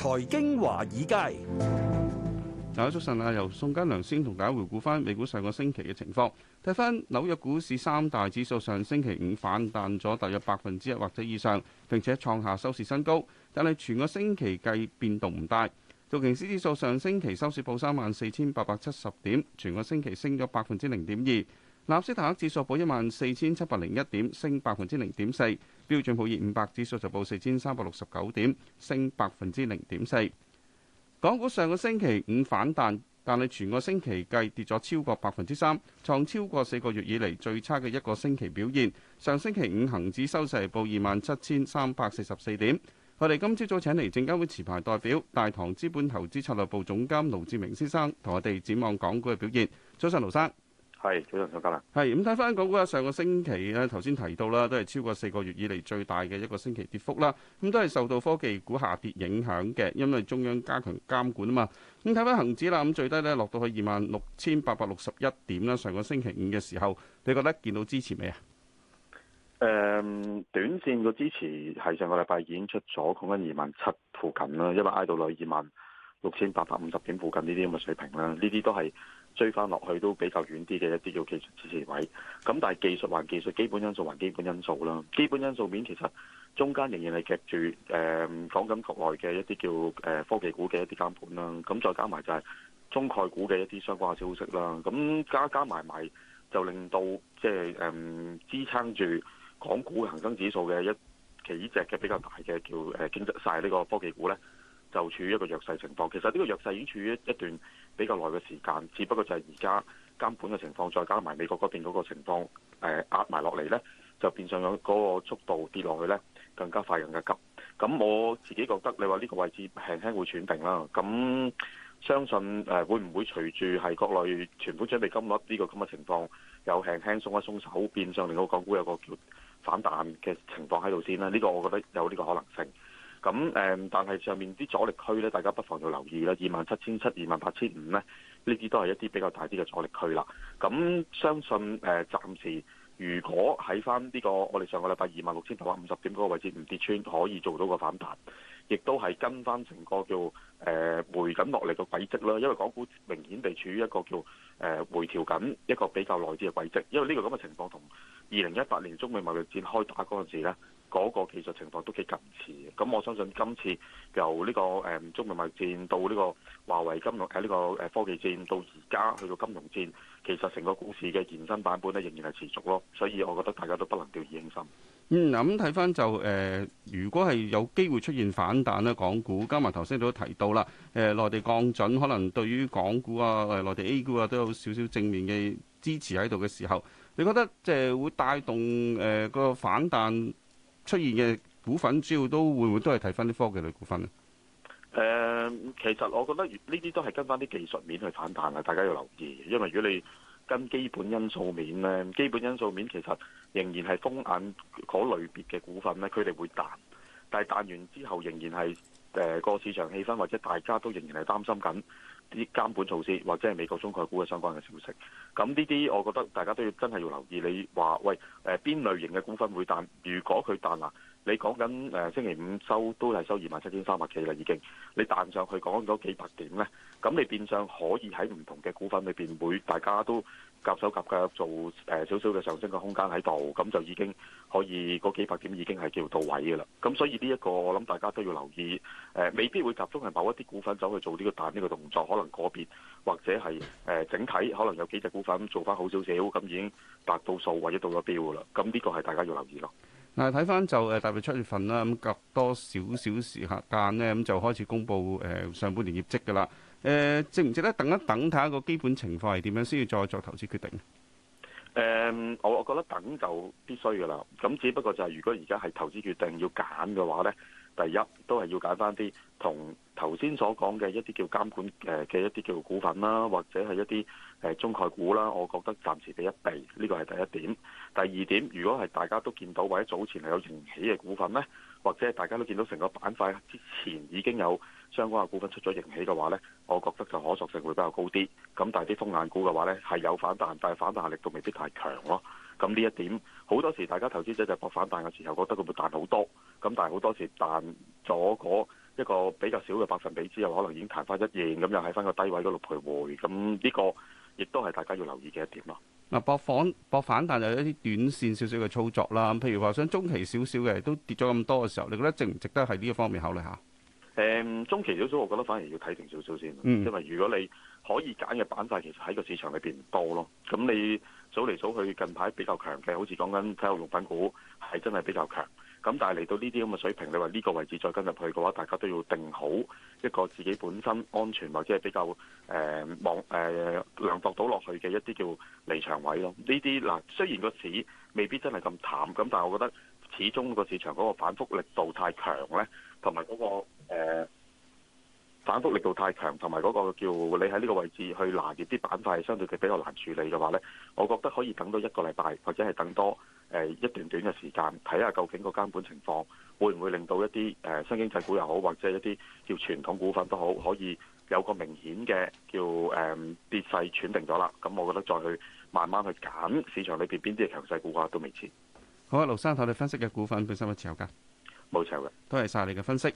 財經華爾街，大家早晨啊！由宋嘉良先同大家回顧翻美股上個星期嘅情況。睇翻紐約股市三大指數，上星期五反彈咗大約百分之一或者以上，並且創下收市新高。但係全個星期計變動唔大。道瓊斯指數上星期收市報三萬四千八百七十點，全個星期升咗百分之零點二。納斯達克指數報一萬四千七百零一點，升百分之零點四。標準普爾五百指數就報四千三百六十九點，升百分之零點四。港股上個星期五反彈，但係全個星期計跌咗超過百分之三，創超過四個月以嚟最差嘅一個星期表現。上星期五恒指收市報二萬七千三百四十四點。我哋今朝早請嚟證監會持牌代表大堂資本投資策略部總監盧志明先生，同我哋展望港股嘅表現。早上，盧生。係早上好，嘉納。係咁睇翻港股啊，上個星期咧，頭先提到啦，都係超過四個月以嚟最大嘅一個星期跌幅啦。咁都係受到科技股下跌影響嘅，因為中央加強監管啊嘛。咁睇翻恒指啦，咁最低咧落到去二萬六千八百六十一點啦。上個星期五嘅時候，你覺得見到支持未啊？誒、嗯，短線個支持係上個禮拜已經出咗，講緊二萬七附近啦，因為挨到嚟二萬。六千八百五十點附近呢啲咁嘅水平啦，呢啲都係追翻落去都比較遠啲嘅一啲叫技術支持位。咁但係技術還技術，基本因素還基本因素啦。基本因素面其實中間仍然係夾住誒講緊國內嘅一啲叫誒科技股嘅一啲監盤啦。咁、嗯、再加埋就係中概股嘅一啲相關嘅消息啦。咁、嗯、加加埋埋就令到即係誒支撐住港股恒生指數嘅一幾隻嘅比較大嘅叫誒傾得曬呢個科技股咧，就處於一個弱勢情況，其實呢個弱勢已經處於一段比較耐嘅時間，只不過就係而家監管嘅情況，再加埋美國嗰邊嗰個情況誒、呃、壓埋落嚟呢就變相咗嗰個速度跌落去呢更加快、人嘅急。咁我自己覺得，你話呢個位置輕輕會轉定啦。咁相信誒會唔會隨住係國內存款準備金率呢個咁嘅情況，有輕輕鬆一鬆，鬆手，變相令到港股有個叫反彈嘅情況喺度先啦。呢、呢個我覺得有呢個可能性。咁誒、嗯，但係上面啲阻力區咧，大家不妨就留意啦。二萬七千七、二萬八千五咧，呢啲都係一啲比較大啲嘅阻力區啦。咁、嗯、相信誒、呃，暫時如果喺翻呢個我哋上個禮拜二萬六千八百五十點嗰個位置唔跌穿，可以做到個反彈，亦都係跟翻成個叫誒、呃、回緊落嚟嘅軌跡啦。因為港股明顯地處於一個叫誒、呃、回調緊一個比較耐啲嘅軌跡。因為呢個咁嘅情況同二零一八年中美貿易戰開打嗰陣時咧。嗰個技術情況都幾近似嘅，咁我相信今次由呢個誒中美貿易戰到呢個華為金融，喺、這、呢個誒科技戰到而家去到金融戰，其實成個股市嘅延伸版本呢，仍然係持續咯。所以，我覺得大家都不能掉以輕心。嗯，咁睇翻就誒、呃，如果係有機會出現反彈呢，港股加埋頭先都提到啦，誒、呃、內地降準可能對於港股啊、呃、內地 A 股啊都有少少正面嘅支持喺度嘅時候，你覺得即係、呃、會帶動誒、呃那個反彈？出現嘅股份主要都會唔會都係睇翻啲科技類股份咧？誒、呃，其實我覺得呢啲都係跟翻啲技術面去反彈嘅，大家要留意。因為如果你跟基本因素面咧，基本因素面其實仍然係風險嗰類別嘅股份咧，佢哋會彈，但係彈完之後仍然係誒個市場氣氛或者大家都仍然係擔心緊，啲監管措施，或者係美國中概股嘅相關嘅消息，咁呢啲我覺得大家都要真係要留意。你話喂，誒、呃、邊類型嘅股份會彈？如果佢彈啊。你講緊誒星期五收都係收二萬七千三百幾啦，已經你彈上去講咗幾百點咧，咁你變相可以喺唔同嘅股份裏邊，每大家都夾手夾腳做誒少少嘅上升嘅空間喺度，咁就已經可以嗰幾百點已經係叫到位嘅啦。咁所以呢、這、一個我諗大家都要留意，誒、呃、未必會集中係某一啲股份走去做呢個彈呢個動作，可能嗰邊或者係誒、呃、整體，可能有幾隻股份做翻好少少，咁已經達到數或者到咗標嘅啦。咁呢個係大家要留意咯。嗱，睇翻就誒，大概七月份啦，咁隔多少少時間呢，咁就開始公布誒上半年業績㗎喇。誒、呃，值唔值得等一等，睇下個基本情況係點樣，先要再作投資決定。誒、嗯，我我覺得等就必須㗎喇。咁只不過就係、是，如果而家係投資決定要揀嘅話呢。第一，都係要揀返啲同頭先所講嘅一啲叫監管嘅、呃、一啲叫股份啦，或者係一啲誒、呃、中概股啦。我覺得暫時避一避，呢、這個係第一點。第二點，如果係大家都見到或者早前係有盈起嘅股份呢，或者大家都見到成個板塊之前已經有相關嘅股份出咗盈起嘅話呢，我覺得就可塑性會比較高啲。咁但係啲風眼股嘅話呢，係有反彈，但係反彈力度未必太強咯。咁呢一點好多時，大家投資者就搏反彈嘅時候，覺得佢會彈好多。咁但係好多時彈咗一個比較少嘅百分比之後，可能已經彈翻一贏，咁又喺翻個低位嗰度徘徊。咁呢個亦都係大家要留意嘅一點咯。嗱，博反博反彈就有一啲短線少少嘅操作啦。譬如話想中期少少嘅都跌咗咁多嘅時候，你覺得值唔值得喺呢一方面考慮下？誒、um, 中期少少，我覺得反而要睇定少少先，嗯、因為如果你可以揀嘅板塊，其實喺個市場裏邊多咯。咁你數嚟數去，近排比較強嘅，好似講緊體育用品股，係真係比較強。咁但係嚟到呢啲咁嘅水平，你話呢個位置再跟入去嘅話，大家都要定好一個自己本身安全或者係比較誒望誒量度到落去嘅一啲叫離場位咯。呢啲嗱，雖然個市未必真係咁淡，咁但係我覺得。始終個市場嗰個反覆力度太強呢，同埋嗰個、呃、反覆力度太強，同埋嗰個叫你喺呢個位置去拿捏啲板塊，相對佢比較難處理嘅話呢，我覺得可以等多一個禮拜，或者係等多、呃、一段段嘅時間，睇下究竟個監管情況會唔會令到一啲誒新經濟股又好，或者一啲叫傳統股份都好，可以有個明顯嘅叫誒、呃、跌勢喘定咗啦。咁我覺得再去慢慢去揀市場裏邊邊啲係強勢股啊，都未遲。好、啊，劉生，睇你分析嘅股份本身持有冇炒噶？冇錯嘅，多謝晒你嘅分析。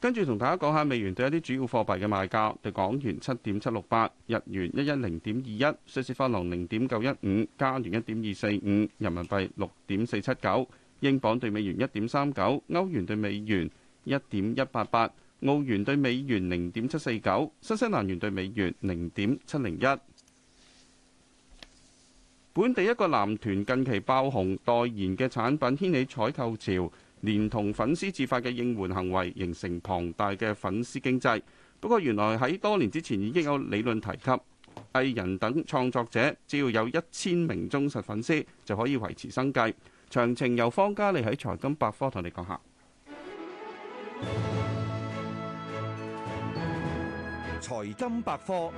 跟住同大家講下美元對一啲主要貨幣嘅賣價：對港元七點七六八，日元一一零點二一，瑞士法郎零點九一五，加元一點二四五，人民幣六點四七九，英鎊兌美元一點三九，歐元兌美元一點一八八，澳元兌美元零點七四九，新西蘭元兌美元零點七零一。本地一個男團近期爆紅代言嘅產品掀起採購潮，連同粉絲自發嘅應援行為，形成龐大嘅粉絲經濟。不過，原來喺多年之前已經有理論提及，藝人等創作者只要有一千名忠實粉絲，就可以維持生計。詳情由方嘉利喺財金百科同你講下。財金百科。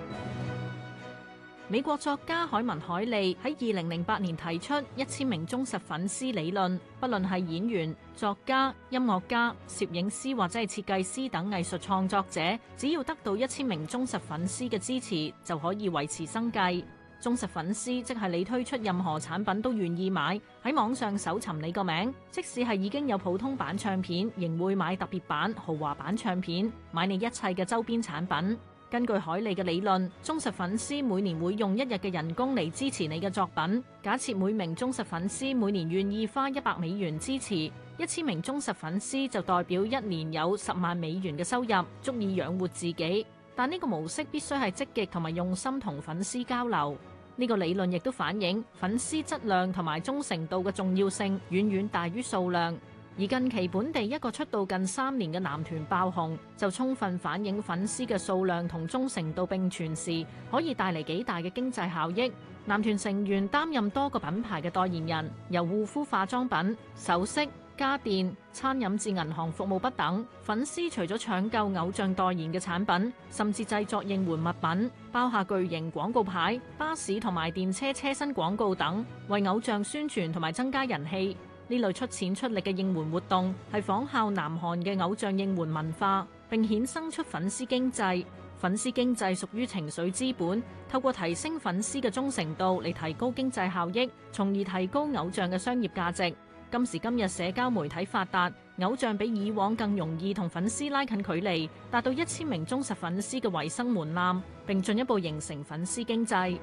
美國作家凱文凱利喺二零零八年提出一千名忠實粉絲理論，不論係演員、作家、音樂家、攝影師或者係設計師等藝術創作者，只要得到一千名忠實粉絲嘅支持，就可以維持生計。忠實粉絲即係你推出任何產品都願意買，喺網上搜尋你個名，即使係已經有普通版唱片，仍會買特別版、豪華版唱片，買你一切嘅周邊產品。根據海利嘅理論，忠實粉絲每年會用一日嘅人工嚟支持你嘅作品。假設每名忠實粉絲每年願意花一百美元支持，一千名忠實粉絲就代表一年有十萬美元嘅收入，足以養活自己。但呢個模式必須係積極同埋用心同粉絲交流。呢個理論亦都反映粉絲質量同埋忠誠度嘅重要性，遠遠大於數量。而近期本地一個出道近三年嘅男團爆紅，就充分反映粉絲嘅數量同忠誠度並存時，可以帶嚟幾大嘅經濟效益。男團成員擔任多個品牌嘅代言人，由護膚化妝品、首飾、家電、餐飲至銀行服務不等。粉絲除咗搶購偶像代言嘅產品，甚至製作應援物品，包下巨型廣告牌、巴士同埋電車車身廣告等，為偶像宣傳同埋增加人氣。呢類出錢出力嘅應援活動係仿效南韓嘅偶像應援文化，並衍生出粉絲經濟。粉絲經濟屬於情緒資本，透過提升粉絲嘅忠誠度嚟提高經濟效益，從而提高偶像嘅商業價值。今時今日社交媒體發達，偶像比以往更容易同粉絲拉近距離，達到一千名忠實粉絲嘅維生門檻，並進一步形成粉絲經濟。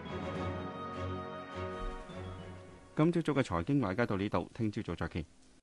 今朝早嘅財經華爾街到呢度，聽朝早再見。